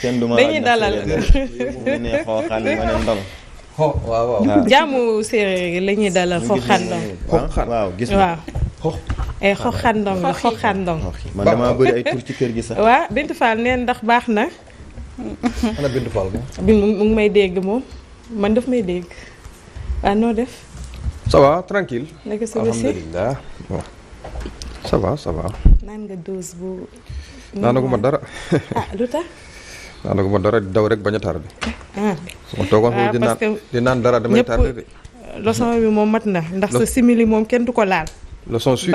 kenn du ma dañuy dalal mu ne yi la dalal xooxaan ndong waaw gis waaw eh, ay man damaa bëri ay tur ci kër gi sax waaw Bintu Fall neen ndax baax na ana Bintu Fall bi mu may dégg moom man daf may dégg waaw ah, noo def ça tranquille naka sa alhamdulilah ça naan nga dose bu naanaguma dara ah, lu tax daanaka ma dara daw rek bañ a tardé. ma toogoon foofu ah, di naan di naan dara damay tardé de. Euh, leçon bi moom mat na ndax sa simili moom kenn du ko laal. leçon su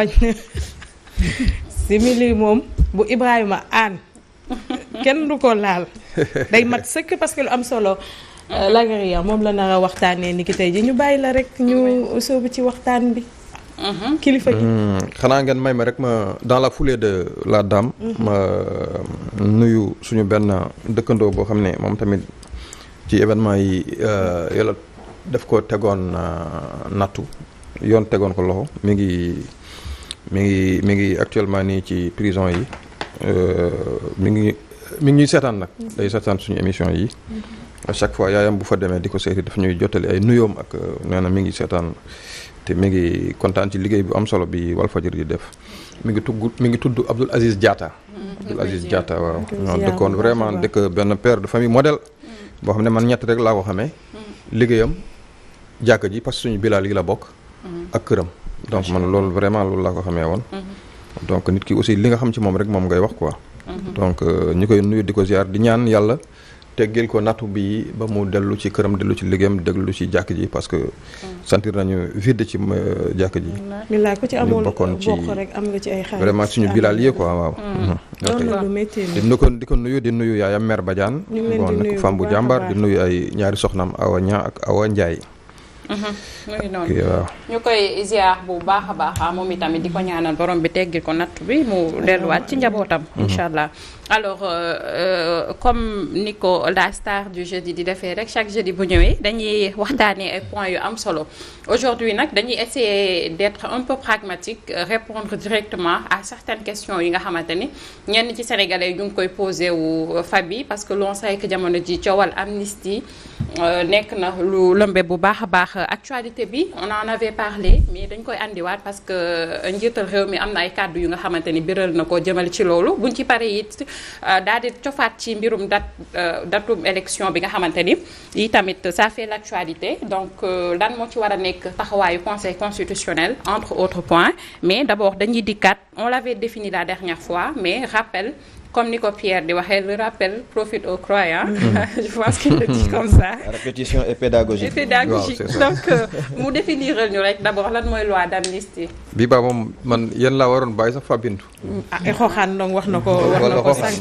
simili moom bu Ibrahima aan kenn du ko laal day mat sëkk parce que lu am solo. Euh, Lagaria moom la nar waxtaanee ni ki tey ji ñu bàyyi la rek ñu sóobu ci waxtaan bi. Mm-hmm. kilifa gi mm-hmm. xanaa ngeen may ma rek ma dans la foulée de la dame. Mm-hmm. ma nuyu suñu benn dëkkandoo boo xam ne moom tamit ci événement yi euh, yàlla daf ko tegoon euh, nattu yoon tegoon ko loxo mi ngi mi ngi mi ngi actuellement nii ci prison yi euh, mi ngi mi ngi ñuy seetaan nag. day seetaan suñu émission yi. à chaque fois yaayam bu fa demee di ko seeti daf ñuy jottali ay nuyoom ak nee na mi ngi seetaan. te mi ngi kontaan ci liggéey bi am solo bi Walfadjri di def mi ngi tugg mi ngi tudd Abdoul Aziz Diatta. Mm, Abdoul Aziz Diatta waaw. ñoo dëkkoon vraiment dëkk benn père de famille modèle. Mm. boo xam ne man ñett rek laa ko xamee. Mm. liggéeyam jàkka ji parce que suñu bilaal yi la bokk. ak këram. donc man loolu vraiment loolu laa ko xamee woon. Mm-hmm. donc nit ki aussi li nga xam ci moom rek moom ngay wax quoi. Mm-hmm. donc euh, ñu koy nuyu di ko ziar di ñaan yàlla. te teggil ko nattu bi ba mu dellu ci këram dellu ci liggéeyam dellu ci jàkk ji parce que. sentir nañu vide ci euh, jàkk ji. bilaay bokkoon ci am nga vraiment suñu bilaal yi ko waaw. Mm. Mm-hmm. di ko di ko nuyu di nuyu yaayam mère Badiane. ñu ngi leen bu jàmbar di nuyu ay ñaari soxnaam Awa Ña ak Awa Ndiaye. mu ngi noonu ñu koy ziar bu baax a baax moom itamit di ko ñaanal boroom bi teggil ko natt bi mu delluwaat ci njabootam. Mhm. incha allah alors euh, euh, comme ni ko la star du jeudi di defee rek chaque jeudi bu ñëwee dañuy waxtaanee ay points yu am solo aujourd'hui nag dañuy essayer d'être un peu pragmatique euh, répondre directement à certaines question yi nga xamante ni ñenn ci sénégalais yi ñu ngi koy posé wu Fabi parce que l'on sait que jamono ji coowal amnistie nekk na bu baax a baax. ndax euh, actualité bi on en avait parlé mais dañ koy andiwaat parce que euh, njiital réew mi am na ay kàddu yu nga xamante ni biral na ko jëmal ci loolu buñ ci pare it euh, daal di cofaat ci mbirum dat datum élection bi nga xamante ni yi tamit ça fait l'actualité donc lan moo ci war a nekk taxawaayu conseil constitutionnel entre autres points mais d'abord dañuy dikkaat on l'avait défini la dernière fois mais rappel comme ni ko Pierre di waxee le rappel profite aux croyants. Mm-hmm. je pense répétition et pédagogie. donc euh, mu définir ñu rek d' abord lan mooy loi d' amnistie. ba moom man yéen laa waroon bàyyi sax Fabintu. ah xooxaan donc wax na ko mm-hmm. wax na ko sànq.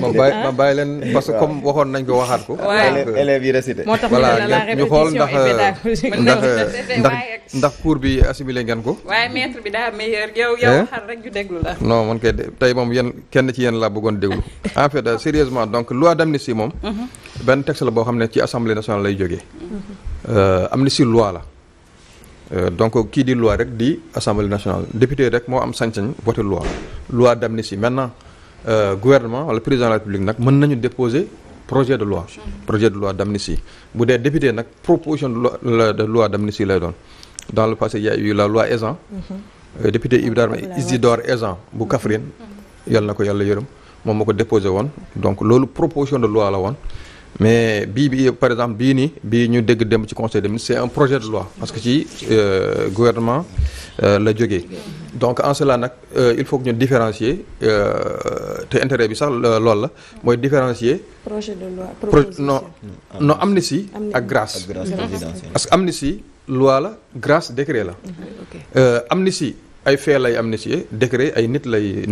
ma bàyyi ma bàyyi leen ah. parce que comme waxoon nañ ko waxaat ko. waaw euh, élèves yi récité. moo tax ñu xool ndax euh, ndax ndax ndax cours bi assimilé ngeen ko. waaye maître bi daa meilleur yow yow eh? xar rek ñu la. non doon déglu en fait euh, sérieusement donc loi d'amnistie moom mhm. benn texte la boo xam ne ci assemblée nationale lay jógee euh, amnistie loi la euh, donc kii di loi rek di assemblée nationale député rek moo am sañ-sañ voté loi loi d'amnistie maintenant gouvernement wala président de la république nag mën nañu déposer projet de loi mhm. projet de loi d'amnistie bu dee député nag proposition de loi d'amnistie lay doon dans le passé il a eu la loi Ezzan mhm. député Ibrahima Isidore Ezzan bu Kaffrine yàlla na ko yàlla yërëm moom moo ko déposé woon donc loolu proposition de loi la woon mais bii bi par exemple bii nii bii ñu dégg dem ci conseil des ministres c'est un projet de loi parce que ci euh, gouvernement euh, la jógee donc en cela nag euh, il faut que ñu différencier te intérêt bi sax lool la mooy différencier. projet de loi proposition non non amnistie ak grâce. parce que amnistie loi la grâce décret la. amnistie ay fee lay amnistier décret ay nit lay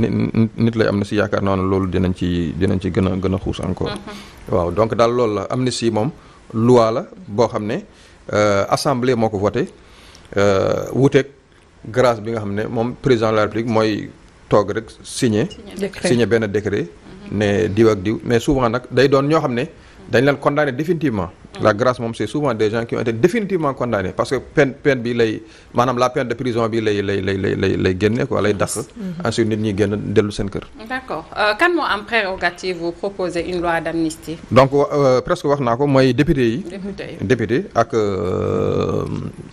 nit lay amnistie yaakaar naa ne loolu dinañ ci dinañ ci gën a gën a xuus encore. Mhm. waaw donc daal loolu la amnistie moom loi la boo xam ne euh, assemblée moo ko voté euh, wuuteeg grâce bi nga xam ne moom président la république mooy toog rek signe signé benn décret. Mhm. ne diw ak diw mais souvent nag day doon ñoo xam ne dañ leen condamné définitivement. la grâce moom c'est souvent des qui ont définitivement condamnés parce que peine peine bi lay maanaam la peine de prison bi lay lay lay lay lay lay génne quoi lay mm-hmm. nit ñi génn dellu seen kër. Euh, kan moo am prérogative vous proposer une loi d'amnistie. donc euh, presque wax naa ko mooy député yi. député ak euh,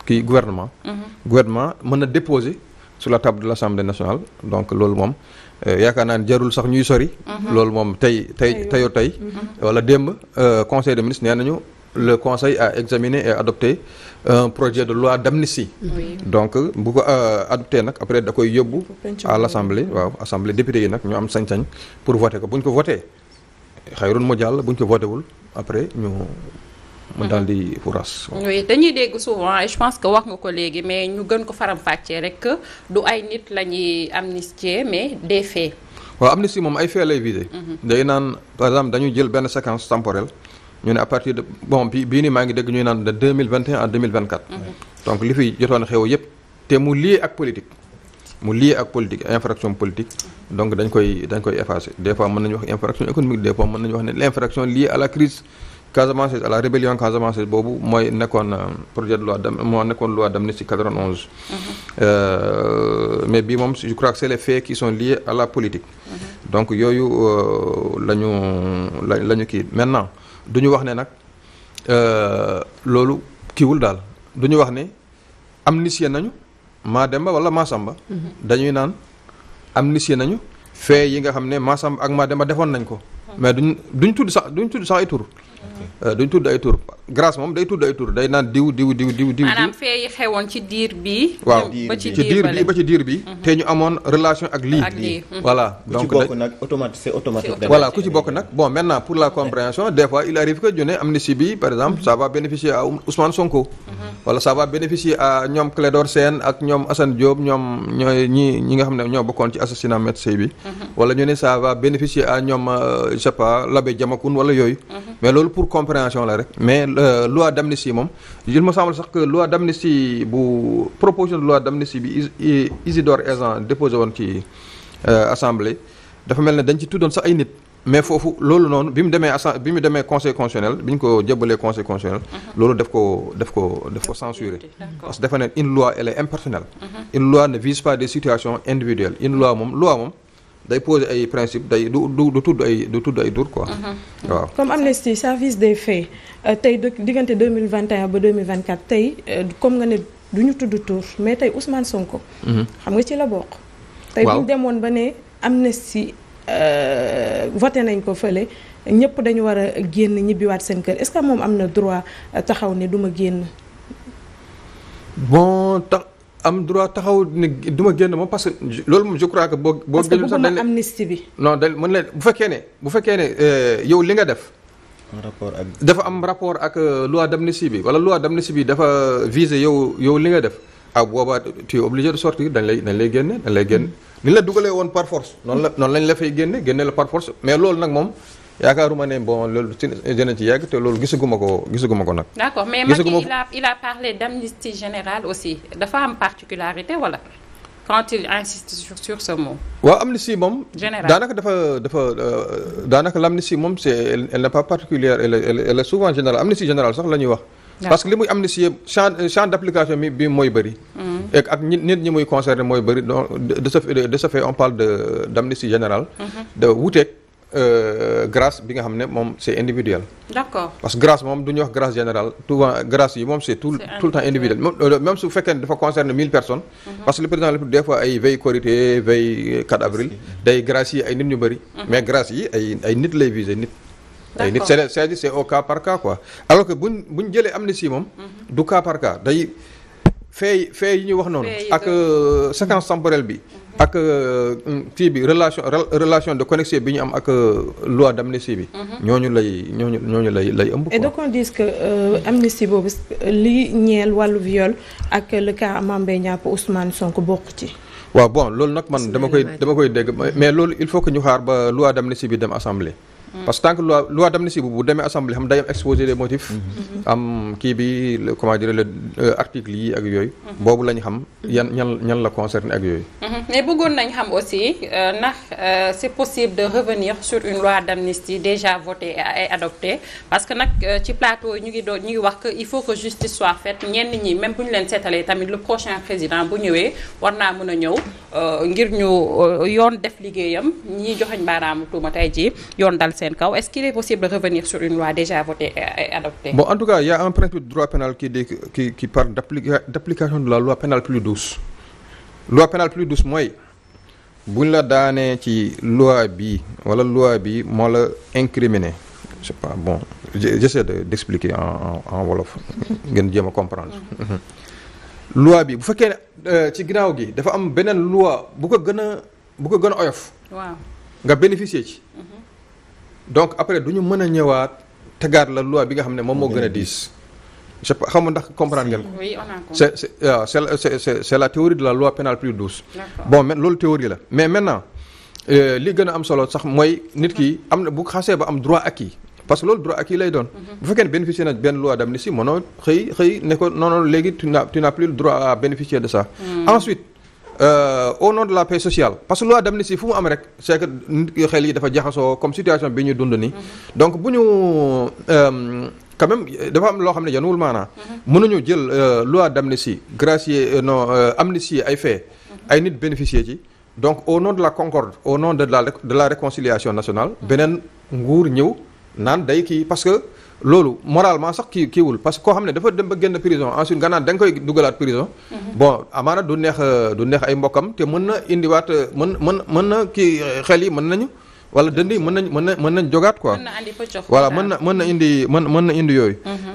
kii gouvernement. Mm-hmm. gouvernement mën na déposer sur la table de l'Assemblée nationale donc loolu moom. yaakaar naa ne jarul sax ñuy sori. Mm-hmm. loolu moom tey tey teyoo tey. wala démb conseil des ministres nee nañu. le conseil a examiné et adopté un projet de loi d'amnistie oui. donc bu ko euh, adopté nag après da koy yóbbu à l'assemblée waaw assemblée député yi nag ñu am sañ-sañ pour voter ko bu ko voté xayrun mu jàll bu ñu ko voté wul après ñu mu daal di furas. oui dañuy dégg souvent et je pense que wax nga ko léegi mais ñu gën ko faram-fàccee rek du ay nit la ñuy amnistier mais des faits. waaw amnistie moom ay faits lay visé. Mhm. day naan par exemple dañuy jël benn séquence temporelle. ñu ne à partir de bon bi bii nii maa ngi dégg ñuy naan de deux mille vingt et un à deux mille vingt quatre. Mm-hmm. donc li fi jotoon xew yëpp te mu lié ak politique. mu lié ak politique infraction politique donc dañ koy dañ koy effacer des fois mën nañu wax infraction économique des fois mën nañu wax ne l' infraction liée à la crise Casamance à la rébellion Casamance boobu mooy nekkoon euh, projet de loi d' moo nekkoon loi d' amnistie 91. mais bii moom je crois que c' est les faits qui sont à la politique. Mm-hmm. donc yooyu euh, la ñu la ñu kii maintenant. du ñu wax ne nag euh, loolu kiiwul daal du ñu wax ne amnistie nañu maa Demba wala maa Samba mhm. dañuy naan am amnistie nañu fee yi nga xam ne maasam ak maa Demba defoon nañ ko mais duñ duñ tudd sax duñ tudd sax ay tur. Euh, duñ tudd ay tur grâce moom day tudd ay tur day naan diw diw diw diw diw. maanaam fee yi xewoon ci diir bi. waaw ba ci diir bi ba ci diir bi. Mhm. te ñu amoon relation ak lii. ak lii mhm. voilà donc ku ci bokk nag automatique c'est automatique. voilà ku ci bokk nag bon maintenant pour la compréhension des fois il arrive que ñu ne amnistie bi par exemple mhm. ça va bénéficier à Ousmane Sonko. wala ça va bénéficier à ñoom Clédor Sène ak ñoom Assane Diop ñoom ñooy ñi ñi nga xam ne ñoo bokkoon ci assassinat maître Sèye bi. wala ñu ne ça va bénéficier à ñoom euh, sais pas l'abbé Diamakhoune wala yooyu. Mhm. mais loolu pour compréhension la rek. mais euh, loi d'amnistie moom il me semble sax que loi d'amnistie bu proposition de loi d'amnistie bi door Ezan déposé woon ci euh, assemblée dafa mel ne dañ ci tuddoon sax ay nit. mais foofu loolu noonu bi mu demee assa bi mu demee conseil constitutionnel bi ñu ko jëbalee conseil constitutionnel. Mhm. loolu daf ko daf ko daf ko censurer. parce que dafa ne une loi elle est impersonnelle. Mhm. une loi ne vise day poser ay principe day du du du tudd ay du tudd ay dur quoi. Mhm. waaw comme amnistie service des faits euh, tey diggante 2021 ba 2024 tey euh, comme nga ne du ñu tudd tur mais tey Ousmane Sonko. Mhm. xam nga ci la bokk. tey bu ñu demoon ba ne amnistie euh, voté nañ ko fële ñëpp dañu war a génn ñibbiwaat seen kër est-ce que moom am na droit taxaw ne du ma génn. am droit taxaw ne du ma génn moom parce que loolu moom je crois que boo. boo génn sax dañ amnistie bi. non dañ mën leen bu fekkee ne bu fekkee ne euh, yow li nga def. rapport ak dafa am rapport ak euh, loi d'amnistie bi wala loi d'amnistie bi dafa viser yow yow li nga def ah boobaa tu es obligé de sortir dañ lay dañ lay génne dañ lay génne. Mm. ni la dugalee woon parforce noonu la noonu lañ la fay génne génne la par force mais loolu nag moom. yaakaaruma ne bon loolu ci dinañ ci yàgg te loolu gisaguma ko gisaguma ko nag. d'accord mais Macky il a générale aussi dafa am particularité wala. quand il insiste sur sur ce mot. waaw amnistie moom. général daanaka dafa dafa euh, daanaka l'amnistie moom c'est elle n'est pas particulière elle elle elle est souvent générale amnistie générale sax la ñuy wax. parce que li muy amnistie champ euh, champ d'application bi bi mooy bëri. Mm-hmm. et ak nit ñi muy concerné mooy bëri donc de ce de ce fait on parle de d'amnistie général mm-hmm. de wuuteeg. Euh, grâce bi nga xam ne moom c' est individuel. d' accord parce que grâce moom du ñuy wax grâce générale souvent grâce yi moom c' est tout tout le temps individuel euh, même su fekkee ne dafa concerne mille personnes. Mhm. parce que le président des fois ay veille Korité veille 4 euh, avril. day grâce yi ay nit ñu bëri. Mhm. mais grâce yi ay ay nit lay viser nit. ay nit c' est c' est au cas par cas quoi alors que buñ buñ jëlee amnistie moom. Mhm. du cas par cas day fee fee yi ñu wax noonu. ak séquence temporelle bi. ak euh, kii bi relation relation de connexion bi ñu am ak euh, loi d'amnistie bi. Mhm. ñooñu lay ñooñu ñooñu lay lay ëmb. et donc on dit que euh, amnistie boobu li ñeel wàllu viol ak le cas Mame Mbaye Niang Ousmane Sonko bokk ci. waaw bon loolu nag man dama koy dama koy dégg mais loolu il faut que ñu xaar ba loi d'amnistie bi dem assemblée. Mm. parce que tant que loi loi d'amnistie bu bu demee assemblée xam day am exposé des motifs. Mm-hmm. Mm-hmm. am kii bi comment dire le euh, article yi ak yooyu. Mm-hmm. boobu lañ xam yan ñan ñan la concerné ak yooyu. mais bëggoon nañ xam aussi euh, ndax euh, c'est possible de revenir sur une loi d'amnistie déjà votée et adoptée parce que nag ci plateau ñu ngi doon ñu ngi wax il faut que justice soit faite ñenn ñi même bu ñu leen seetalee tamit le prochain président bu ñëwee war naa mën a ñëw ngir ñu yoon def liggéeyam ñi joxeñ baaraamu tuuma tey ji yoon seen kaw est-ce qu'il est possible revenir sur une loi déjà votée et adoptée. bon en tout cas il y a un principe de droit pénal qui dit qui qui parle d'application de la loi pénale plus douce. loi plus douce mooy buñ la daanee ci loi bi wala loi bi moo la incriminé je sais bon j'essaie en en wolof a comprendre. Mm-hmm. bi bu fekkee ne euh, ci ginnaaw gi dafa am beneen loi bu ko gën bu ko gën a oyof. waaw nga bénéficier ci. Mm-hmm. donc après du ñu mën a ñëwaat tegaat la loi bi nga xam ne moom moo gën a diis. je xam nga ndax comprendre ngeen ko. oui on a compris c' est waaw c' est la théorie de la loi pénale plus douce. bon mais loolu théorie la mais maintenant euh, li gën a am solo sax mooy nit ki am na bu xasee ba am droit acquis parce que loolu droit acquis lay doon. Mhm. bu fekkee ne bénéficier na benn loi d'amnistie mënoo xëy xëy ne ko non non léegi tu n'as tu n'as plus droit bénéficier de ça. Mhm. ensuite. Euh, au non de la paix social parce que loi d'amnistie fu mu am rek c'est que xel yi dafa jaxasoo comme situation bi ñu dund nii. Mhm. donc bu ñu euh, quand dafa am loo xam ne yanuwul maanaa. Mhm. mënuñu jël euh, loi d'amnistie gracier non amnistie ay faits. Mhm. ay nit bénéficier ci. donc au nom de la concorde au nom de la de la réconciliation nationale beneen nguur ñëw naan day kii loolu moralement sax kii kiiwul parce que koo xam ne dafa dem ba génn prison ensuite nga naan da nga koy dugalaat prison. Mhm. bon amaana du neex euh, du neex ay mbokkam te mën na indiwaat euh, mën na kii euh, xel na mën nañ na andi pëccox voilà mën na na indi mën na indi yooyu. Mhm.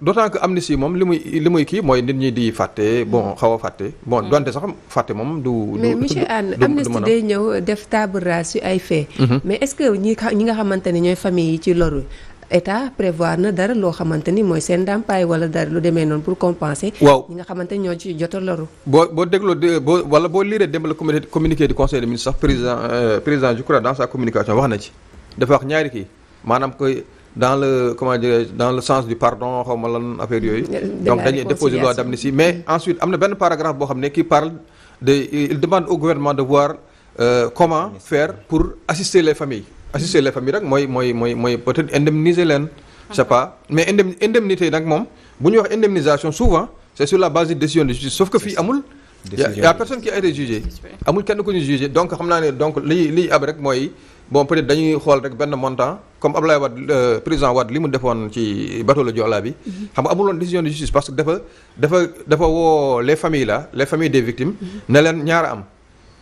d'autant que amnistie moom li muy li muy kii mooy nit ñi di fàtte bon mhm. xaw a fàtte bon donte sax fàtte moom du. du mais monsieur Anne amnistie day ñëw def table rase yu ay fait. mais est ñi nga xamante ñooy famille yi ci loru. état prévoir na dara loo xamante ni mooy seen ndàmpaay wala dara lu demee noonu pour compenser. waaw ñi nga xamante ñoo ci jot a loru. boo boo dégloo boo wala boo liiree démb la communiqué du conseil des ministres sax président euh, président je crois dans sa communication wax na ci dafa wax ñaari kii maanaam koy dans le comment dirais dans le sens du pardon xaw ma lan affaire yooyu. donc dañuy déposer loi d'amnistie mais mm. ensuite am na benn paragraphe boo xam ne qui parle de il demande au gouvernement de voir euh, comment faire pour assister les familles. assister ah, les familles rek mooy mooy mooy mooy peut-être indemniser leen. je sais pas mais indemnité nag moom bu ñuy wax indemnisation souvent c'est sur la base de décision de justice sauf que fii amul. décision y personne qui a été jugé. amul kenn ku ñu jugé donc xam naa ne donc li liy ab rek mooy bon peut-être dañuy xool rek benn montant comme Ablaye Wade euh, président Wade li mu defoon ci bateau le Joola bi. Mhm. xam nga amul décision de justice parce que dafa dafa dafa woo les familles là des victimes. Mhm. ne leen ñaar am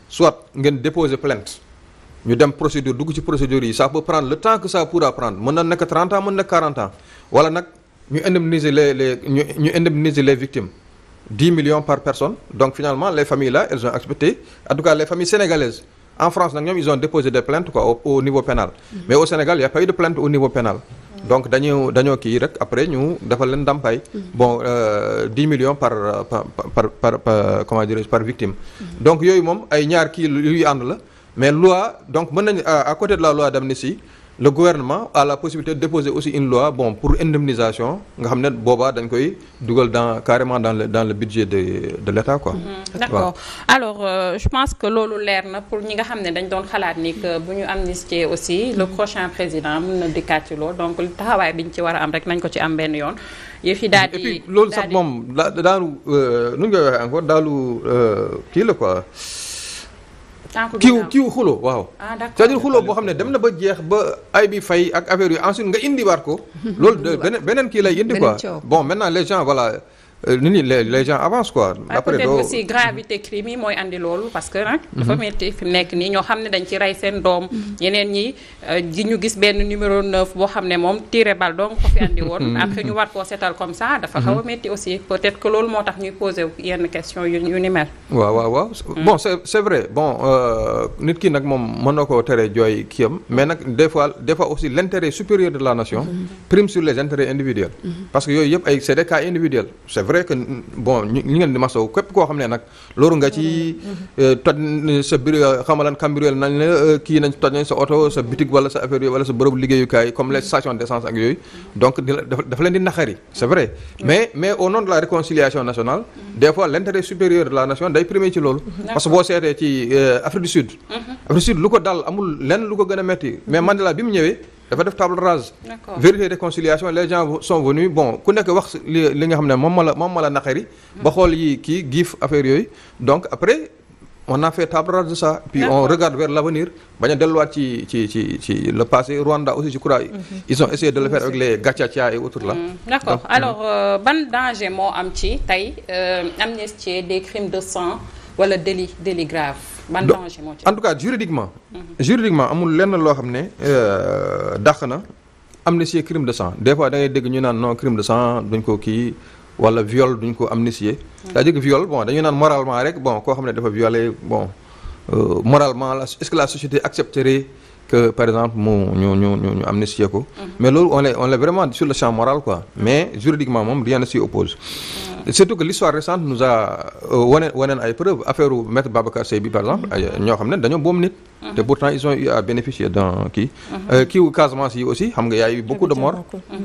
soit ngeen déposer plainte. ñu dem procédure dugg ci procédure yi ça peut prendre le temps que ça pourra prendre mën na nekk 30 ans mën na 40 ans wala nag ñu indemniser les les ñu ñu indemniser les victimes millions par personne donc finalement les familles là elles ont accepté en tout cas les familles sénégalaises en France nag ñoom ils ont déposé des plaintes quoi au, niveau pénal mm-hmm. mais au Sénégal y a de plainte au niveau pénal mm-hmm. donc dañoo kii rek après ñu defal leen mais loi donc mën nañ à côté de la loi d'amnistie le gouvernement à la possibilité de déposer aussi une loi bon pour indemnisation nga xam ne boobaa dañ koy dugal dans carrément dans le dans le budget de de quoi. Mhm. d' accord alors euh, je pense que loolu leer na pour ñi nga xam ne dañ doon xalaat ni que bu ñu amnistier aussi le prochain président mun na dikkaat ci loolu donc taxawaay bi ñu ci war a am rek nañ ko ci am benn yoon. yëf yi daal di loolu sax moom daa daanu euh, nu ñu koy waxee encore daalu euh, kii la quoi. kiiw kiiw xuloo waaw ah, c'est-à-dire boo xam ne dem na ba jeex ba ay bi fay ak affaire yu ensuite nga indiwaat ko loolu beneen beneen kii lay indi quoi bon maintenant les gens voilà nu euh, ni les les gens avancent quoi. après peut-être aussi gravité crime yi mooy andi loolu parce que nag. dafa mhm. metti fi mu nekk nii ñoo xam ne dañ ci rey seen doom. Mhm. ñeneen ñi euh, di ñu gis benn numéro 9 boo xam ne moom tiire bal donc ko fi andi woon. Mhm. après ñu war koo seetal comme ça. dafa xaw a metti aussi peut-être que loolu moo tax ñuy poser yenn question yu yu ni mel. waaw waaw bon c'est c'est vrai bon euh, nit ki nag moom mën na koo tere jooy kii am mais nag des fois des fois aussi l'intérêt supérieur d la nation. prime sur les intérêts individuels. vrai que bon ñu ngi leen di masaw képp koo xam ne nag loolu nga ci mm-hmm. euh, toj sa biir xamalan cambriole nañ la euh, kii nañ toj sa oto sa boutique wala sa affaire yooyu wala sa bërëb liggéeyukaay comme les stations d'essence ak yooyu donc dafa leen di naxari c'est vrai mm-hmm. mais mais au nom de la réconciliation nationale mm-hmm. des fois l'intérêt supérieur la nation day primé ci loolu parce que boo seetee ci euh, Afrique du Sud Afrique du Sud lu ko dal amul lenn lu ko gën a metti mais dafa def table rase. vérité et réconciliation les gens sont venus bon ku nekk wax li nga xam ne moom ma la moom ma la naqari. Hmm. ba xool yi kii giif affaire yooyu donc après. on a fait table rase de ça puis on regarde vers a delluwaat ci ci ci ci le passé Rwanda aussi je crois mm-hmm. ils ont essayé de le faire avec mm-hmm. les Gachacha et autres là mm-hmm. d'accord alors euh, ban danger moo am ci tey euh, amnistie des crimes de sang wala délit délit grave ban danger en tout cas juridiquement. juridiquement amul lenn loo xam ne euh, dàq na amnistier crime de sang des fois da ngay dégg ñu naan non crime de sang duñ ko kii wala viol duñ ko amnistier. Hmm. c'est-à-dire que viol bon dañu naan moralement rek bon koo xam ne dafa violer bon euh, moralement est-ce que la société accepterait que par exemple mu ñu ñu ñu ñu amnistier ko. Hmm. mais loolu on est vraiment sur le champ moral quoi mais juridiquement moom rien ne oppose. Hmm. surtout que l'histoire récente nous a euh, wane waneen ay preuves affaire maître Babacar Seye bi par exemple ñoo xam ne dañoo boom nit te pourtant ils ont eu à bénéficier d'un kii euh, kiiw Casamance yi aussi xam nga y a eu beaucoup de morts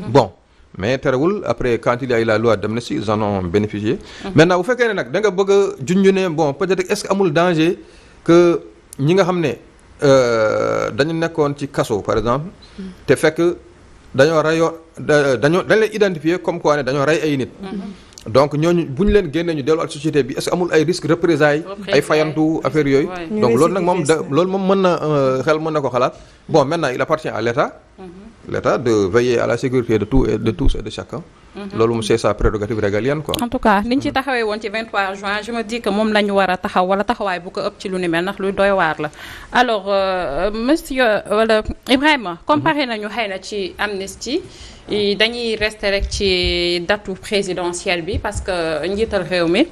bon mais terewul après quand il laa a eu la loi d'amnistie ils en ont bénéficié bu fekkee ne nag da nga bëgg a junj ne bon peut-être est-ce danger que ñi nga xam ne euh, dañu nekkoon ci kaso par exemple te fekk dañoo rayoo dañoo dañ leen comme quoi ne dañoo rey ay nit donc ñooñu bu ñu leen génnee ñu delluwaat société bi est-ce que amul ay risques représailles ay fayantu affaire yooyu donc loolu nag moom da loolu moom mën na euh, xel mën na ko xalaat bon maintenant il appartient à l'État mhm. l'État de veiller à la sécurité de tout et de tous et de Mhm. loolu moom c'est sa prérogative régalienne quoi. en tout cas niñ ci taxawee woon ci juin je me dis que moom la ñu war a taxaw wala taxawaay bu ko ëpp ci lu ni mel ndax luy doy waar la alors euh, euh, monsieur wala Ibrahima. comparé mhm. nañu xëy na ci amnistie. dañuy rester rek ci datu présidentielle bi parce que njiital réew mi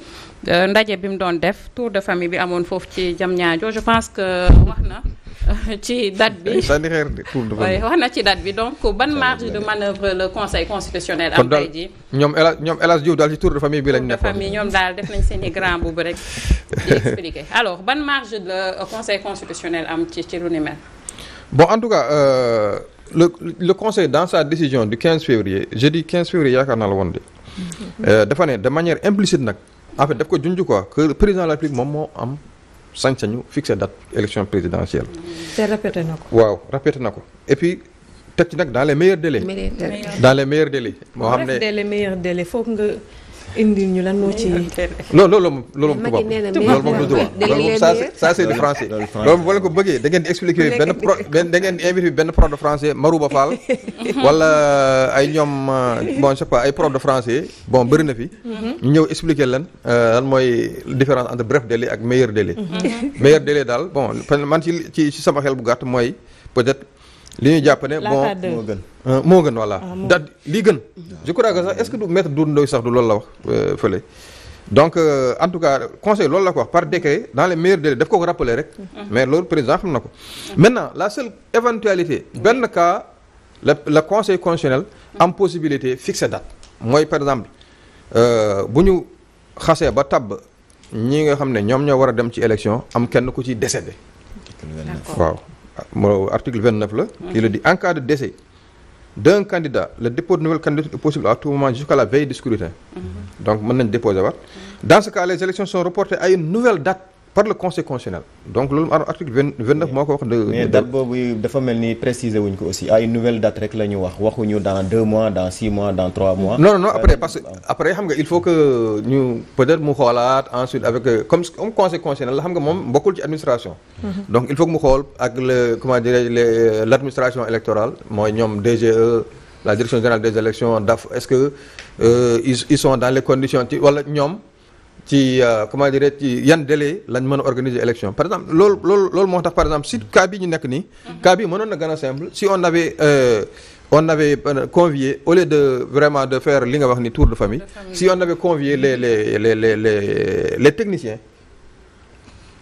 euh, ndaje bi mu doon def tour de famille bi amoon foofu ci jam ñaajo je pense que wax na. ci date bi sànni xeer wax na ci date bi donc ban marge de manœuvre le conseil constitutionnel. am tey jii ñoom El ñoom El Hadj Diouf daal ci tour de famille bi lañ nekkoon. famille ñoom daal def nañ seen i grand boobu rek di expliquer alors ban marge le conseil constitutionnel am ci ci lu bon en tout cas euh, le le conseil dans sa décision du 15 février jeudi 15 février yaakaar naa la woon de. Mhm. Euh, dafa ne de manière implicite nag en fait ko junj quoi que le président moom moo am. sañ sañu fixé date élection présidentielle. te répété na ko. waaw répété na ko et teg ci nag dans les meilleurs délais. dans les meilleurs délais. moo xam ne les meilleurs délais foog nga. indil ñu lan moo ci. loolu loolu moom loolu moom tubaab loolu moom du droit loolu moom ça ça c'est du français loolu wala ko bëggee da ngeen di expliquer benn pro da ngeen di invité benn prof de français Marouba Fall wala euh, ay ñoom euh, bon je sais pas ay prof de français bon bëri na fi. Mm-hmm. ñu ñëw expliquer lan euh, lan mooy différence entre bref délai ak meilleur délai. Mm-hmm. meilleur délai daal bon man ci ci sama xel bu gàtt mooy peut-être. li ñuy jàpp ne bon moo gën ah, moo gën voilà ah, daat lii gën je crois que sax est-ce que du maître Doudou Ndoye sax du loolu la wax euh, fële donc euh, en tout cas conseil loolu la ko wax par décret dans les meilleurs délais daf ko ko rappeler rek mm-hmm. mais loolu président xam na ko mm-hmm. maintenant la seule éventualité mm-hmm. benn cas la le conseil constitutionnel am possibilité fixer date mooy par exemple euh, bu ñu xasee ba tabb ñi nga xam ne ñoom ñoo war a dem ci élection am kenn ku ci décédé waaw article 29 là, qui le dit en cas candidat, le dépôt nouvelle candidature possible à tout moment jusqu'à la veille du mhm. Donc, maintenant, déposer. Dans ce cas, les élections sont reportées à une nouvelle date par le conseil constitutionnel donc loolu article vingt neuf moo ko wax. de mais boobu dafa mel ni préciser wuñ ko aussi ay nouvelle date rek la ñu wax waxuñu dans deux mois dans six mois dans trois mois. non non non après euh, parce que après xam nga il faut que ñu peut-être mu xoolaat ensuite avec euh, comme comme conseil constitutionnel la xam nga moom bokkul ci administration. Mhm. donc il faut que mu xool ak le comment dirais je l' euh, administration électorale mooy ñoom DGE. la direction ce que euh, ils ils sont dans ñoom. ci euh, comment dirais ci yan délai lañ mën a organiser élection par exemple loolu loolu loolu moo tax par exemple si cas bi ñu nekk nii. cas bi mënoon na gën a simple si on euh, euh, de vraiment de faire li nga wax ni tour de famille. si on avait convié les les les les les les techniciens.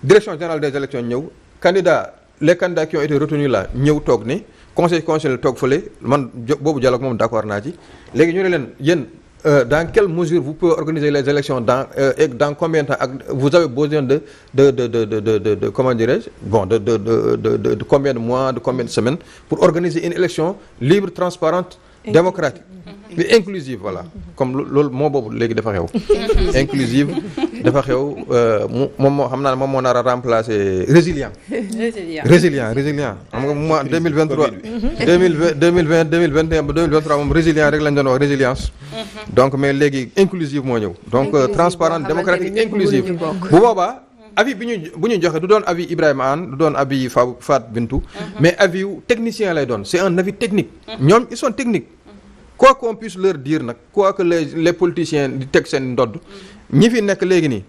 direction générale des élections ñëw candidat les candidats qui ont été retenus là ñëw toog ni conseil constitutionnel toog fële man boobu dialogue moom d'accord naa ci léegi ñu ne leen yéen. Euh, dans quel mesure vous pouvez organiser les élections dans euh, et dans combien de temps ak vous avez besoin de de de comment dirais-je bon de de combien de mois de combien de semaines pour organiser une élection libre transparente démocratique inclusive voilà mm-hmm. comme loolu moo boobu léegi dafa xew mm-hmm. inclusive dafa xew euh, mu moom moo xam naa ne moom moo nar a remplacer résilient résilient résilient xam nga mois 2023 2020 2020 2021 ba 2023 moom résilient rek lañ doon résilience mm-hmm. donc mais léegi inclusive moo ñëw donc euh, transparente démocratique inclusive bu boobaa avis bi ñu bu ñu joxee du doon avis Ibrahima Anne du doon avis Fat Bintou mais avis technicien lay doon c'est un avis technique ñoom ils sont techniques quoi qu'on puisse leur dire nag quoi que les les politiciens di teg seen ndodd ñi fi nekk léegi nii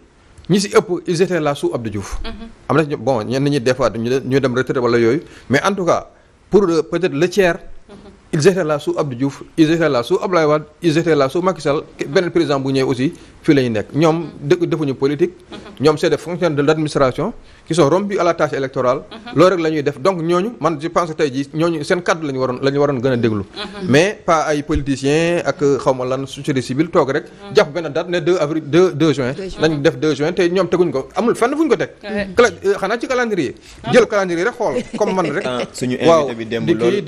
ñi si ëpp ils étaient là sous Abdou Diouf. Mhm. am na bon ñenn ñi des fois ñu de dem retraité wala yooyu mais en tout cas pour euh, peut-être le tiers. Mhm. ils étaient là sous Abdou Diouf ils étaient là sous Abdoulaye Wade ils étaient là sous Macky Sall beneen président bu ñëwee aussi fii la ñu nekk ñoom dëkk defuñu politique. Mhm. ñoom c'est des fonctionnaires de l'administration qui sont rompus à la tâche électorale. Mhm. loolu rek la ñuy def donc ñooñu man je pense que tey jii ñooñu seen kaddu la waroon la waroon gën a déglu. Mhm. mais pas ay politiciens ak xaw lan société civile toog rek. jàpp benn date ne 2 avril 2 2 juin. nañ def 2 juin te ñoom teguñ ko amul fenn fuñ ko teg. Euh, xanaa ci calendrier. Ah. jël calendrier rek xool comme man rek. suñu invité bi démb loolu waaw di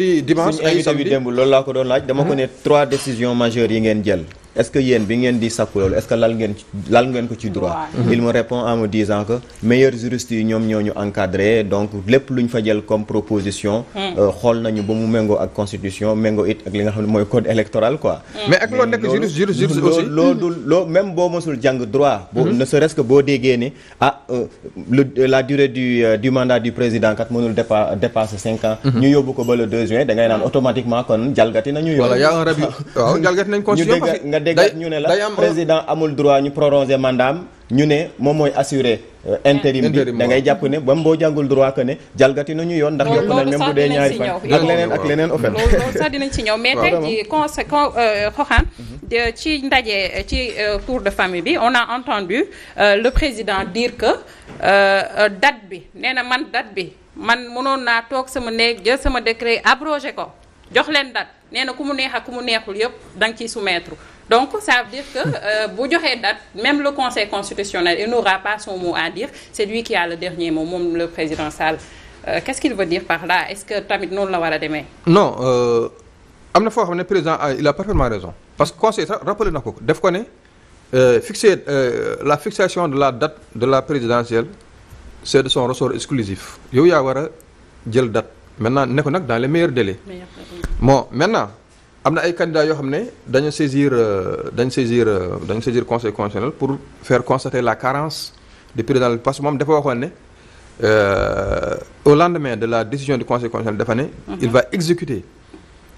kii di dimanche. ngeen jël. est-ce que yéen bi ngeen di sakku loolu est-ce que lal ngeen lal ngeen ko ci droit mm-hmm. il me répond en me disant que meilleurs juristes yi ñoom ñoo ñu encadré donc lépp lu ñu fa jël comme proposition mm. euh, xool nañu ba mu méngoo ak constitution méngoo it ak li nga xam ne mooy code électoral quoi mm. mais ak loo nekk juriste même boo mësul jàng droit boo mm-hmm. ne boo déggee ni ah euh, la durée du euh, du mandat du président kat mënul dépa dépasser cinq ans mm-hmm. ñu yóbbu ko ba le 2 juin da ngay naan automatiquement kon jalgati nañu yoon dégg ñu ne la président amul droit ñu prolonger mandaam ñu ne moom mooy assurer euh, intérim bi da ngay jàpp ne ba boo jàngul droit que ne jalgati nañu yoon ndax yokk nañ bu dee ñaari fan ak leneen ak leneen au fait loolu sax dinañ ci ñëw mais tey ji conseil euh, xoxaan ci ndaje ci tour euh, de famille bi on a entendu le président dire que date bi nee na man date bi man mënoon naa toog sama néeg jël sama décret abrogé ko jox leen date nee na ku mu neex ak ku mu neexul yëpp da nga ciy soumettre donc ça veut dire que euh, bu joxee date même le conseil constitutionnel il n'aura pas son mot à dire c'est lui qui a dernier moom le président Sall euh, qu'est-ce qu'il veut dire par là est-ce que tamit noonu la war a demee. non euh, am na foo xam ne président il a parfaitement raison parce que conseil rappelé na ko def ko ne euh, fixer la fixation de la date de la présidentielle c'est de son ressort exclusif yow yaa war a jël date. maintenant ne ko nag dans les meilleurs délais. bon maintenant am na ay candidats yoo xam ne dañu saisir euh, dañu saisir euh, dañu saisir conseil constitutionnel pour faire constater la carence du président de parce que moom dafa waxoon ne euh, au de la décision du conseil constitutionnel dafa ne. Mhm. il va exécuter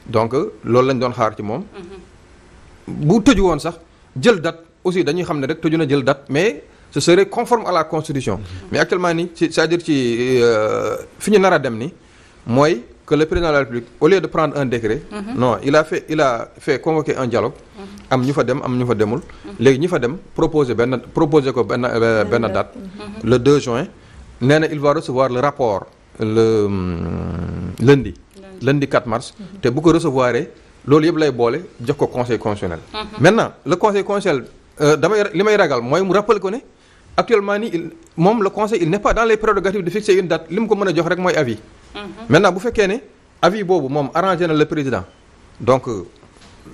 donc loolu lañ doon xaar ci moom. Mhm. bu tëju woon sax jël date aussi dañuy xam ne rek tëju na jël date mais. ce serait conforme à la constitution. Mhm. mais actuellement nii ci cest ci fi ñu nar a dem nii. mooy que le président de la République au lieu de prendre un décret. Mhm. non il a fait il a fait convoquer un dialogue. Mhm. am ñu fa dem am ñu fa demul. Mhm. léegi ñu fa dem proposer benn proposer ko benn euh, benn date. le 2 juin nee na il va recevoir le rapport le euh, lundi. lundi 4 mars. te bu ko recevoir loolu yëpp lay boole jox ko conseil constitutionnel. maintenant le conseil constitutionnel euh, damay li may ragal mooy mu rappel ko ne. actuellement nii il moom le conseil il n'est pas dans les mën a jox rek mooy avis. Mhm. maintenant bu fekkee ne avis boobu moom arrangé na la président donc euh,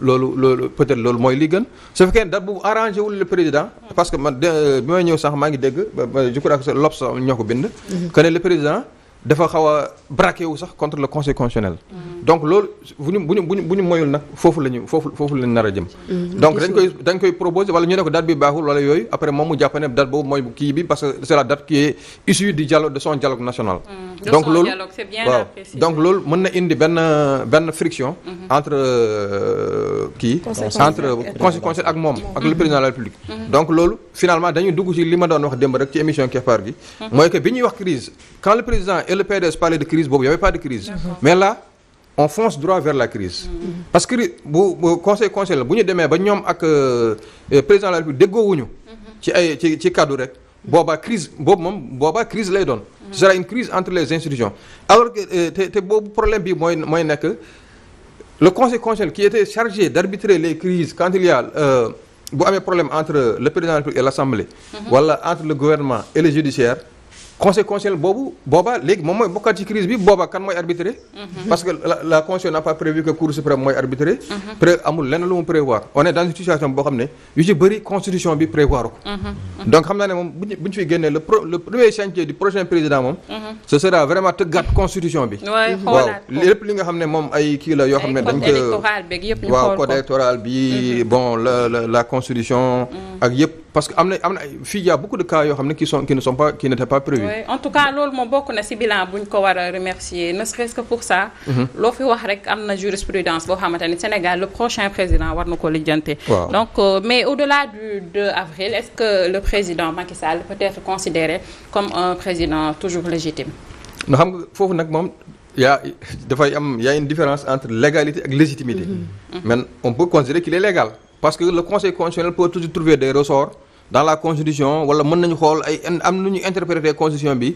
loolu loolu peut-être loolu mooy li gën su fekkee ne date boobu arrangé wul président. parce que man euh, bi may ñëw sax maa ngi dégg ba je crois que ñoo ko bind. Mhm. que ne président. dafa xaw a wu sax contre le conseil constitutionnel. Mm-hmm. donc loolu bu ñu bu ñu bu ñu bu ñu moyul nag foofu la ñu foofu foofu la ñu nar jëm. Mm-hmm. donc dañ koy dañ koy proposé wala ñu ne ko date bi baaxul wala yooyu après moom mu jàpp ne date boobu mooy kii bi parce que c' est la date qui est mm-hmm. indi benn benn friction. entre euh, kii. entre conseil conseil ak moom ak le président de la république. donc loolu finalement dañu dugg ci li ma doon wax démb rek ci émission keppaar gi. mooy que bi ñuy wax crise quand le président et le PDS parlait de crise boobu y avait pas de crise mais là on fonce droit vers la crise mm. parce que bu conseil conseil la bu ñu demee ba ñoom ak euh, euh, président de la République déggoowuñu mm-hmm. ci ay ci ci kaddu rek boobaa crise boobu moom boobaa crise lay doon mm. ce sera une crise entre les institutions alors que euh, te te boobu problème bi mooy mooy nekk le conseil constitutionnel qui était chargé d'arbitrer les crises quand il y a bu amee problème entre le président de la République et l'Assemblée mm-hmm. wala le gouvernement et le judiciaire conseil constitutionnel boobu booba léegi moom mooy bokkaat ci crise bi booba kan mooy arbitré. Mhm. parce que la la n'a pas prévu que cour suprême mooy arbitré. Mhm. pré amul lenn lu mu prévoir on est dans boo xam ne yu ci bëri constitution bi prévoir ko. Mhm. donc xam naa ne moom bu ñu bu ñu fiy génnee le pro le premier chantier du prochain président moom. ce sera vraiment tëggaat constitution bi. waaw lépp li nga xam ne moom ay kii la yoo xam ne. dañ ko waaw code électoral bi bon la la la constitution ak yëpp. parce que am na am na fii y a beaucoup de cas yoo xam ne qui sont qui ne sont pas qui n'étaient pas prévus. en tout cas loolu moom bokk na ci bilan bu ñu ko war a remercier ne serait-ce que pour ça. Mhm. loo fi wax rek am na jurisprudence boo xamante ni Sénégal le prochain président war na ko lijjante. donc euh, mais au-delà du 2 avril est-ce que le président Macky Sall peut être considéré comme un président toujours légitime. nga xam nga foofu nag moom yaa dafay am y a différence entre légalité ak légitimité. Mhm. mais mm -hmm. on peut considérer qu'il est parce que le conseil constitutionnel peut toujours trouver des ressorts dans la constitution wala mën nañu xool ay am nu ñu interpréter constitution bi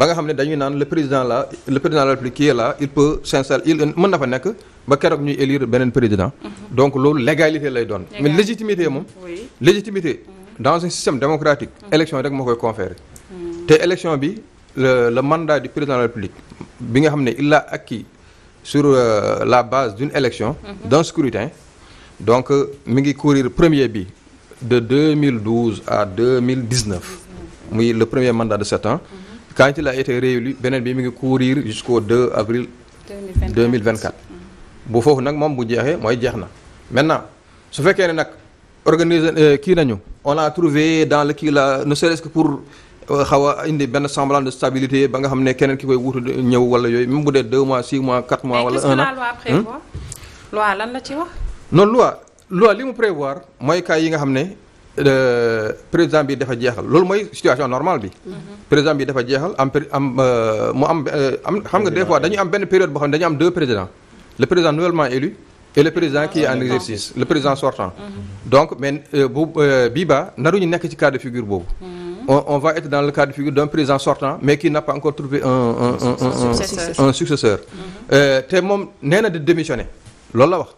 ba nga xam ne dañuy naan le président là le président de la République qui est là il peut s'installer il mën na fa nekk ba keroog ñuy élire beneen président. Mhm. donc loolu légalité lay doon. mais légitimité moom. Oui. légitimité mhm. dans un système démocratique. Mhm. élection rek moo koy conférer. te élection bi le le mandat du président de la République bi nga xam ne il l'a acquis sur euh, la base d'une élection. d'un scrutin. donc euh, mi ngi courir premier bi de 2012 à 2019 muy le premier mandat de sept ans mhm. quand il a été réélu beneen bi mi ngi courir jusqu'au 2 avril 2024 bu foofu nag moom bu jeexee mooy jeex na maintenant su fekkee ne nag organiser euh, kii nañu on a trouvé dans le kii la ne serait-ce que pour euh, xaw a indi benn semblant de stabilité ba nga xam ne keneen ki koy wutu ñëw wala yooyu même bu dee 2 mois 6 mois 4 mois wala 1 an hmm? loi lan la ci wax non loi loi li mu prévoir mooy cas yi nga xam ne euh, président bi dafa jeexal loolu mooy situation normale bi. Mhm. président bi dafa jeexal am am euh, mu euh, am xam nga des fois dañu am benn période boo xam ne dañu am deux présidents le président nouvellement élu. et le président qui est en exercice le président sortant. Mhm. donc mais bu bii ba nekk ci cas de figure boobu. Mhm. on va être dans le cas de figure d'un président sortant mais qui n'a pas encore trouvé un successeur. te moom nee na di démissionner loolu la wax.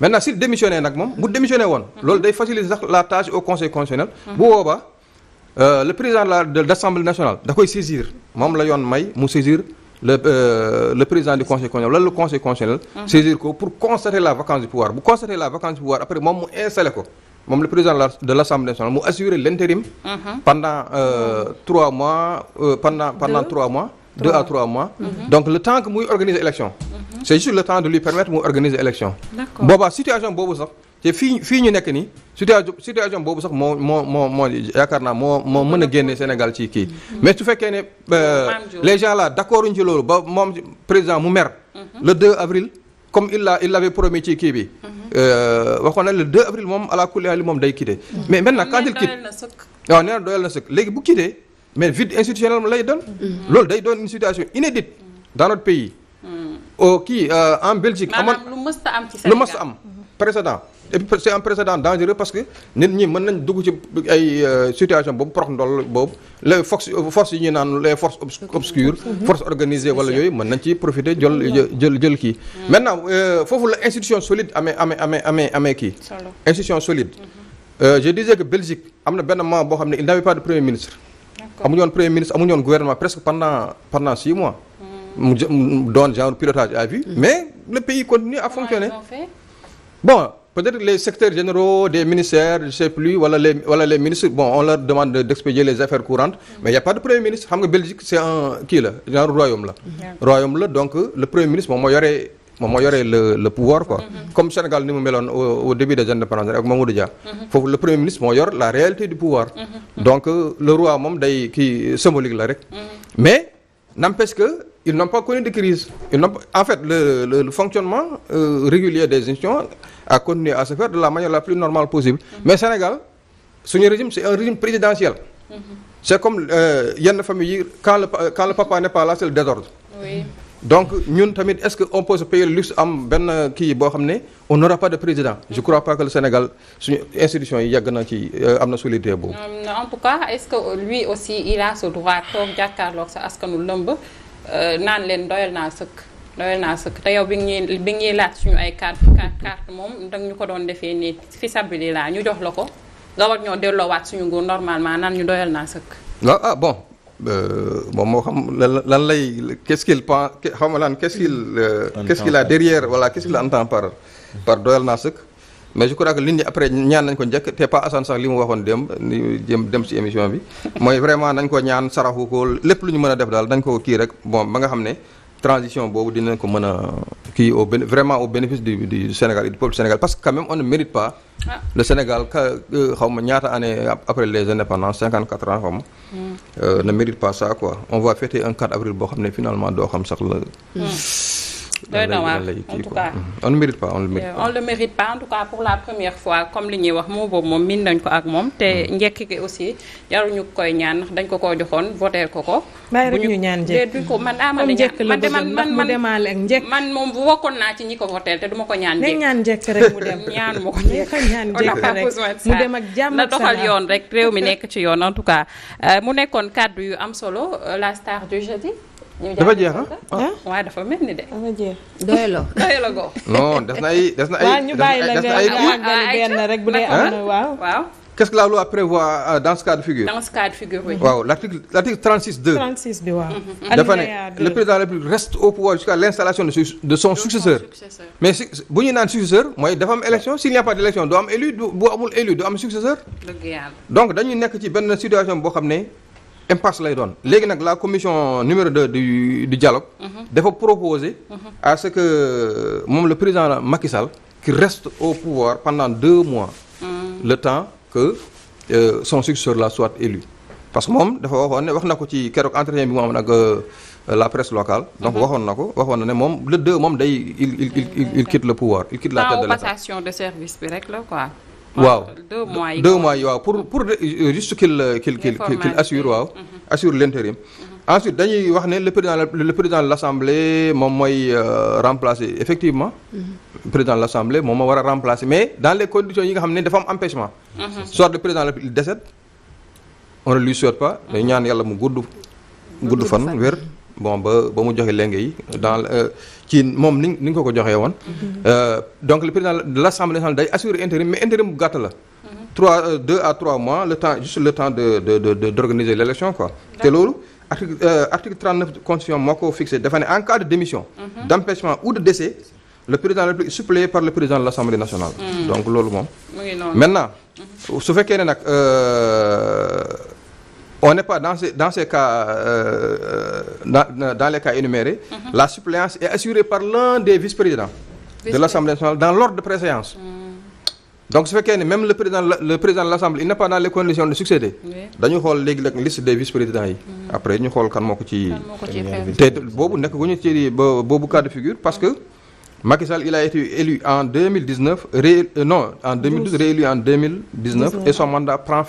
maintenant s'il démissionné nag moom bu démissionné woon. loolu day faciliter sax la tâche au conseil constitutionnel. Mhm. bu boobaa euh, le président de la de l' assemblée nationale da koy saisir moom la yoon may mu saisir le euh, le président du conseil constitutionnel wala le conseil constitutionnel. Mhm. saisir ko pour constater la vacance du pouvoir bu constater la vacance du pouvoir après moom mu installé ko. moom le président de l' assemblée nationale mu assurer l' intérim. Mhm. pendant euh, trois mois euh, pendant pendant Deux. trois mois. deux à trois mois mhm. donc le temps que muy organiser élection mhm. c' est juste le temps de lui permettre mu organiser élection boobaa situation boobu sax te fii fii ñu nekk nii situation situation boobu sax moo moo moo moo yaakaar naa moo moo mën a génne Sénégal ci kii mhm. mais su fekkee ne euh, les gens là d' accord uñ ci loolu ba moom président mu mer le 2 avril comme il l'a il l'avait ci kii bi euh, waxoon na le 2 avril moom à la kulli haal moom day quitté mais maintenant quand il mais vide institutionnel lay doon. Mm-hmm. loolu day doon une situation inédite dans notre pays. Mm-hmm. kii euh, en Belgique. amoon lu mës a am ci lu mës a am précédent et puis c'est un précédent dangereux parce que nit ñi mën nañ dugg ci ay euh, situation boobu prox ndool boobu les forces forces yi ñuy naan les forces obscures forces organisées wala yooyu mën nañ ci profiter jël jël jël kii mm. maintenant euh, foofu la institution solide amee amee amee amee amee kii institution solide mm-hmm. je disais que Belgique am na benn moment boo xam ne il n'avait pas amuñu woon premier ministre amuñu woon gouvernement presque pendant pendant six mois. Hmm. mu doon genre pilotage à hmm. mais le pays continue à fonctionner. bon peut-être les secteurs généraux des ministères je sais plus wala les wala les ministres bon on leur demande d'expédier les affaires courantes. Hmm. mais y a pas de premier ministre xam nga Belgique c'est un kii la genre royaume la. royaume la donc le premier ministre moom moo yore. moom moo yore le le pouvoir quoi. Mm-hmm. comme Sénégal ni mu meloon au début des indépendances ak Mamadou Dia. Mm-hmm. foofu le premier ministre moo yor la réalité du pouvoir. Mm-hmm. donc euh, le roi moom day kii euh, symbolique la rek. mais n'empêche que ils n'ont pas connu de crise ils n'ont en fait le le, fonctionnement euh, régulier des institutions a continué à se faire de la manière la plus normale possible. mais Sénégal suñu régime c'est un régime présidentiel. c'est comme yenn famille yi le quand le papa n'est pas là c'est le donc ñun tamit est-ce que on peut se payer le am benn kii boo xam ne on n'aura pas de président je crois pas que le Sénégal suñu institution yi yàgg na ci euh, am na solidité boobu. en tout cas est-ce que euh, lui aussi il a ce droit toog jàkkaarloog sa askanu lëmb euh, naan leen doyal naa sëkk doyal naa sëkk te yow bi ñuy bi ñuy laat suñu ay carte carte moom danga ñu ko doon defee nii fi sabili laa ñu jox la ko nga war ñoo delloowaat suñu nguur normalement naan ñu doyal naa sëkk. waaw ah, ah Euh, moom moo xam lan lan lay qu'est-ce qu'il pense xaw ma lan qu'est-ce qu'il euh, qu'est-ce qu'il a derrière voilà qu'est-ce entend par par doyal naa sëkk mais je crois que nit après ñaan nañ ko njëkk te pas Assane sax li mu waxoon dem jëm dem ci émission bi mooy vraiment nañ ko ñaan saraxu ko lépp lu ñu mën a def daal nañ ko kii rek bon ba nga xam ne transition boobu dina ko mën a kii au vraiment bénéfice du du Sénégal et du peuple Sénégal parce que quand même on ne mérite pas. Ah. le Sénégal ka euh, xaw ma ñaata année après les indépendances cinquante quatre ans xaw ma. Hmm. Euh, ne mérite pas ça quoi on va fêter un 4 avril boo xam ne finalement doo xam sax la. Hmm. doy na waar en tout cas mm-hmm. euh, on le mérite en tout cas pour la première fois comme li ñuy wax moo boobu moom miin nañ ko ak moom te mm-hmm. njekk ki aussi jaruñu koy ñaan nax dañ ko koo joxoon voté ko ko. bàyyi rek ñu ñaan njëkk bu eh, ñu ko man amali ah, ñaan man de man man man moom bokkoon naa ci ñi ko voté te du ko ñaan njëkk. ñaan njëkk rek mu dem ñaan ma ko njëkk mu dem ak jàmm na doxal yoon rek réew mi nekk ci yoon en tout cas euh, mu nekkoon kàddu yu am solo euh, la star du jeudi dafa jeex ah? Ah. ah waaye dafa mel ni de. dafa jeex doyeloo na ay des na ay. ñu bàyyi la nga ah, na waaw waaw. qu'est-ce que la loi prévoit euh, dans ce cas de figure. dans dafa ne président de la République reste au l'installation de son successeur. mais bu ñuy naan successeur mooy dafa am élection s'il n'y a pas doo am élu du bu amul élu doo am successeur. donc dañuy nekk ci benn situation boo xam ne. impasse lay doon léegi nag la commission numéro 2 du du dialogue mhm. dafa proposer mhm. à ce que euh, moom le président Macky Sall qui reste au pouvoir pendant deux mois mhm. le temps que euh, son successeur la soit élu parce que moom dafa waxoon ne wax na ko ci keroog entretien bi mu am nag euh, la presse locale. donc waxoon na ko waxoon na ne moom le deux moom day il il il il quitte le pouvoir. il quitte la tête de l'État passation de service bi rek la quoi. waaw deux mois yi waaw pour pour euh, juste qu'il euh, qu'il qu'il qu'il assure waaw mm-hmm. Mm-hmm. assure l'intérim mm-hmm. ensuite dañuy wax ne le président le président de l'assemblée moom mooy euh, remplacer effectivement président de l'assemblée moom moo war a remplacer mais dans les conditions yi nga xam ne dafa am empêchement soit le président il décède on ne lui souhaite pas mais ñaan yàlla mu gudd gudd fan wér bon ba ba mu joxe lenge yi dans euh, ci moom ni ni ñu ko ko joxee woon. Mm-hmm. Euh, donc le président de nationale day assurer intérim mais intérim bu gàtt la. Mm-hmm. trois euh, deux à trois mois le temps juste le temps de de de d' organiser te loolu article article 39 constitution moo ko fixé dafa ne en cas de démission. Mm-hmm. d' empêchement ou de décès. le président de par le président de nationale. Mm. donc loolu moom. maintenant su fekkee ne nag. on n'est pas dans ces dans ces cas euh, euh dans, dans les cas énumérés. Mm-hmm. la suppléance est assurée par l'un des vice-présidents. de l'Assemblée nationale dans l'ordre de préséance. Mm. donc su fekkee ne même le président le président de l'Assemblée il n'est pas dans les conditions de succéder. dañu xool léegi nag liste des vice-présidents yi. Mm. après ñu xool kan moo ko ci. te boobu nekk gu ñu ci boobu cas de figure parce que. Macky Sall il a été élu en 2019 ré euh, non en 2012 réélu en 2019 et son mandat prend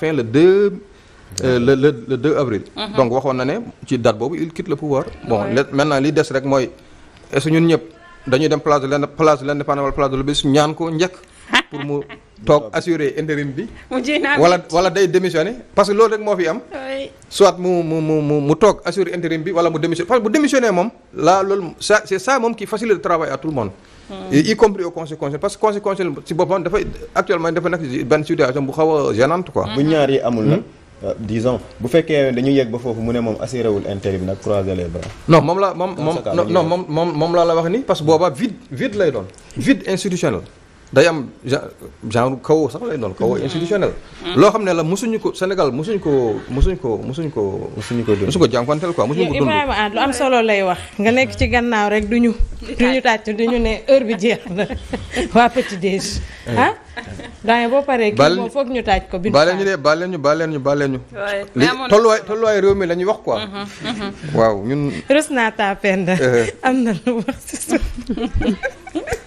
Euh, le le le 2 avril. donc waxoon na ne ci date boobu il quitte le pouvoir. bon oui. maintenant li des rek mooy est ñun ñëpp dañuy dem place de l' place de l' indépendance wala place de ñaan ko njëkk pour mu toog assurer intérim bi. wala wala day démissionner parce que loolu rek moo fi am. soit mu mu mu mu mu toog assurer intérim bi wala mu démissionner parce que bu démissionner moom. laa loolu ça c' moom qui facilite travail à tout le monde. Hmm. y compris au conseil parce que conseil conseil si boppam dafa actuellement a Euh, disons bu fekkee dañu yegg ba foofu mu ne moom assuré wul intérim nag croiser les bras. non moom la moom moom non moom moom laa la wax ni parce que booba vide vide lay doon vide institutionnel. day am genre kaw sax lay doon kaw institutionnel loo xam ne la mosuñu ko Sénégal mosuñu ko mosuñu ko mosuñu ko mosuñu ko mosu ko jànkonteel quoi ko dund Ibrahima ah, lu am solo lay wax nga nekk ci gannaaw rek du ñu tàcc duñu ne heure bi jeex na waa petit déj eh. ah daañu boo paree kii moom foog ñu taaj ko. baale ñu de baale ñu baale ñu baale li tolluwaay tolluwaay réew mi la ñuy wax ko mm-hmm, mm-hmm. waaw ñun. rus naa taa pend eh. am na lu wax